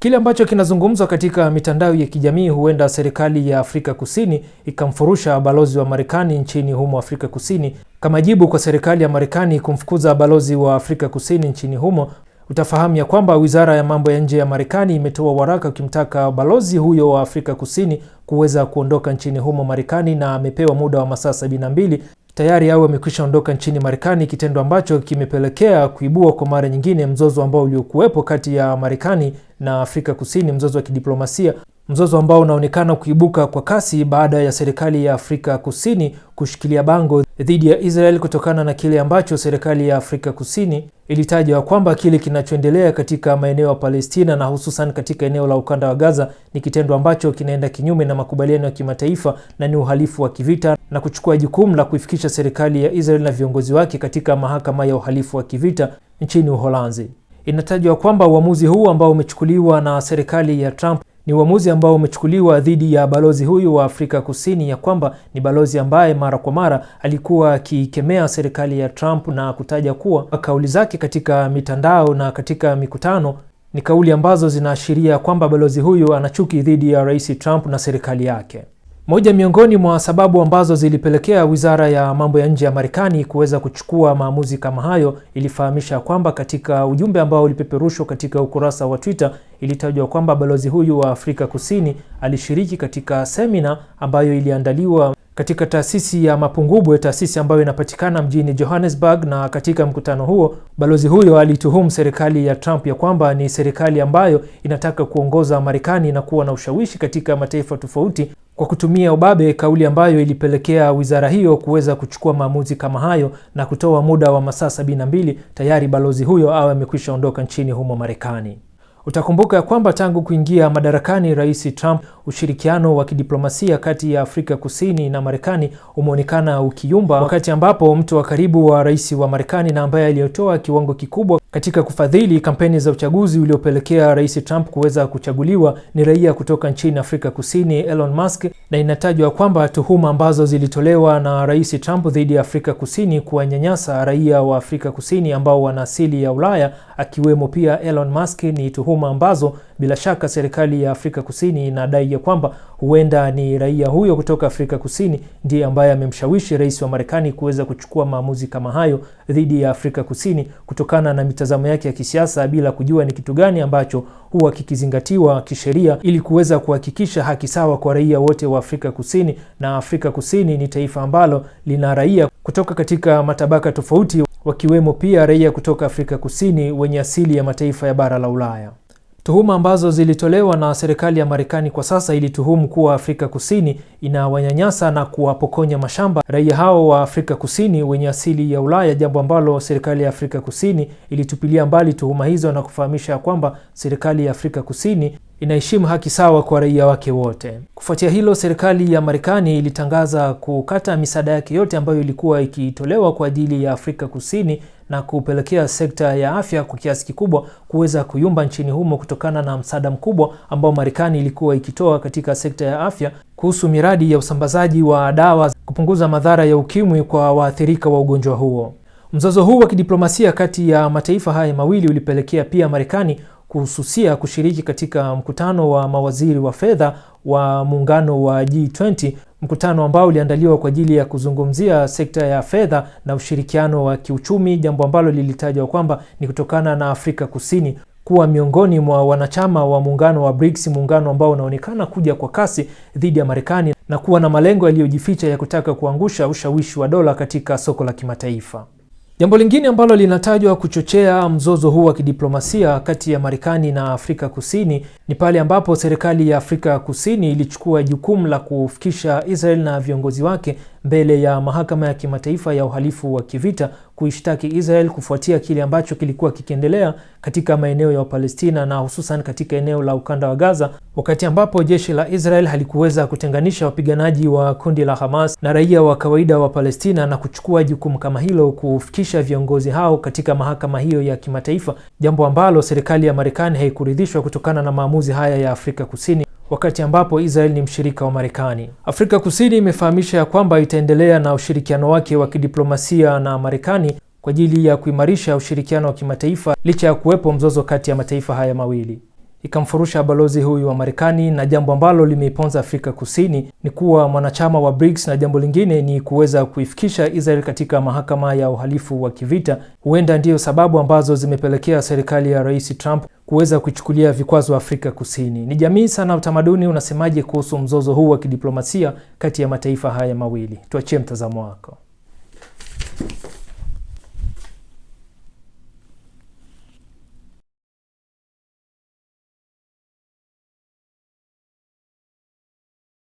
Kile ambacho kinazungumzwa katika mitandao ya kijamii huenda serikali ya Afrika Kusini ikamfurusha balozi wa Marekani nchini humo Afrika Kusini kama jibu kwa serikali ya Marekani kumfukuza balozi wa Afrika Kusini nchini humo. Utafahamu ya kwamba wizara ya mambo ya nje ya Marekani imetoa waraka ukimtaka balozi huyo wa Afrika Kusini kuweza kuondoka nchini humo Marekani, na amepewa muda wa masaa 72 tayari au amekwisha ondoka nchini Marekani, kitendo ambacho kimepelekea kuibua kwa mara nyingine mzozo ambao uliokuwepo kati ya Marekani na Afrika Kusini, mzozo wa kidiplomasia. Mzozo ambao unaonekana kuibuka kwa kasi baada ya serikali ya Afrika Kusini kushikilia bango dhidi ya Israel kutokana na kile ambacho serikali ya Afrika Kusini ilitaja kwamba kile kinachoendelea katika maeneo ya Palestina na hususan katika eneo la ukanda wa Gaza ni kitendo ambacho kinaenda kinyume na makubaliano ya kimataifa na ni uhalifu wa kivita, na kuchukua jukumu la kuifikisha serikali ya Israel na viongozi wake katika mahakama ya uhalifu wa kivita nchini Uholanzi. Inatajwa kwamba uamuzi huu ambao umechukuliwa na serikali ya Trump ni uamuzi ambao umechukuliwa dhidi ya balozi huyu wa Afrika Kusini, ya kwamba ni balozi ambaye mara kwa mara alikuwa akiikemea serikali ya Trump na kutaja kuwa kauli zake katika mitandao na katika mikutano ni kauli ambazo zinaashiria kwamba balozi huyu ana chuki dhidi ya Rais Trump na serikali yake. Moja miongoni mwa sababu ambazo zilipelekea wizara ya mambo ya nje ya Marekani kuweza kuchukua maamuzi kama hayo, ilifahamisha kwamba katika ujumbe ambao ulipeperushwa katika ukurasa wa Twitter, ilitajwa kwamba balozi huyu wa Afrika Kusini alishiriki katika semina ambayo iliandaliwa katika taasisi ya Mapungubwe, taasisi ambayo inapatikana mjini Johannesburg. Na katika mkutano huo, balozi huyo alituhumu serikali ya Trump ya kwamba ni serikali ambayo inataka kuongoza Marekani na kuwa na ushawishi katika mataifa tofauti kwa kutumia ubabe, kauli ambayo ilipelekea wizara hiyo kuweza kuchukua maamuzi kama hayo na kutoa muda wa masaa 72 tayari balozi huyo awe amekwisha ondoka nchini humo Marekani. Utakumbuka ya kwamba tangu kuingia madarakani Rais Trump, ushirikiano wa kidiplomasia kati ya Afrika Kusini na Marekani umeonekana ukiyumba, wakati ambapo mtu wa karibu wa rais wa Marekani na ambaye aliyotoa kiwango kikubwa katika kufadhili kampeni za uchaguzi uliopelekea Rais Trump kuweza kuchaguliwa ni raia kutoka nchini Afrika Kusini Elon Musk, na inatajwa kwamba tuhuma ambazo zilitolewa na Rais Trump dhidi ya Afrika Kusini kuwanyanyasa raia wa Afrika Kusini ambao wana asili ya Ulaya akiwemo pia Elon Musk ni tuhuma ambazo bila shaka serikali ya Afrika Kusini inadai ya kwamba huenda ni raia huyo kutoka Afrika Kusini ndiye ambaye amemshawishi rais wa Marekani kuweza kuchukua maamuzi kama hayo dhidi ya Afrika Kusini kutokana na mitazamo yake ya kisiasa bila kujua ni kitu gani ambacho huwa kikizingatiwa kisheria ili kuweza kuhakikisha haki sawa kwa raia wote wa Afrika Kusini. Na Afrika Kusini ni taifa ambalo lina raia kutoka katika matabaka tofauti, wakiwemo pia raia kutoka Afrika Kusini wenye asili ya mataifa ya bara la Ulaya. Tuhuma ambazo zilitolewa na serikali ya Marekani kwa sasa ilituhumu kuwa Afrika Kusini inawanyanyasa na kuwapokonya mashamba raia hao wa Afrika Kusini wenye asili ya Ulaya, jambo ambalo serikali ya Afrika Kusini ilitupilia mbali tuhuma hizo na kufahamisha kwamba serikali ya Afrika Kusini inaheshimu haki sawa kwa raia wake wote. Kufuatia hilo, serikali ya Marekani ilitangaza kukata misaada yake yote ambayo ilikuwa ikitolewa kwa ajili ya Afrika Kusini na kupelekea sekta ya afya kwa kiasi kikubwa kuweza kuyumba nchini humo kutokana na msaada mkubwa ambao Marekani ilikuwa ikitoa katika sekta ya afya kuhusu miradi ya usambazaji wa dawa kupunguza madhara ya ukimwi kwa waathirika wa ugonjwa huo. Mzozo huu wa kidiplomasia kati ya mataifa haya mawili ulipelekea pia Marekani kuhususia kushiriki katika mkutano wa mawaziri wa fedha wa muungano wa G20, mkutano ambao uliandaliwa kwa ajili ya kuzungumzia sekta ya fedha na ushirikiano wa kiuchumi, jambo ambalo lilitajwa kwamba ni kutokana na Afrika Kusini kuwa miongoni mwa wanachama wa muungano wa BRICS, muungano ambao unaonekana kuja kwa kasi dhidi ya Marekani na kuwa na malengo yaliyojificha ya kutaka kuangusha ushawishi wa dola katika soko la kimataifa. Jambo lingine ambalo linatajwa kuchochea mzozo huu wa kidiplomasia kati ya Marekani na Afrika Kusini ni pale ambapo serikali ya Afrika Kusini ilichukua jukumu la kufikisha Israel na viongozi wake mbele ya mahakama ya kimataifa ya uhalifu wa kivita kuishtaki Israel kufuatia kile ambacho kilikuwa kikiendelea katika maeneo ya Palestina na hususan katika eneo la ukanda wa Gaza, wakati ambapo jeshi la Israel halikuweza kutenganisha wapiganaji wa kundi la Hamas na raia wa kawaida wa Palestina na kuchukua jukumu kama hilo kufikisha viongozi hao katika mahakama hiyo ya kimataifa, jambo ambalo serikali ya Marekani haikuridhishwa kutokana na maamuzi haya ya Afrika Kusini wakati ambapo Israel ni mshirika wa Marekani. Afrika Kusini imefahamisha ya kwamba itaendelea na ushirikiano wake wa kidiplomasia na Marekani kwa ajili ya kuimarisha ushirikiano wa kimataifa licha ya kuwepo mzozo kati ya mataifa haya mawili ikamfurusha balozi huyu wa Marekani, na jambo ambalo limeiponza Afrika Kusini ni kuwa mwanachama wa BRICS, na jambo lingine ni kuweza kuifikisha Israel katika mahakama ya uhalifu wa kivita. Huenda ndiyo sababu ambazo zimepelekea serikali ya Rais Trump kuweza kuichukulia vikwazo Afrika Kusini. Ni jamii sana, utamaduni unasemaje kuhusu mzozo huu wa kidiplomasia kati ya mataifa haya mawili? Tuachie mtazamo wako.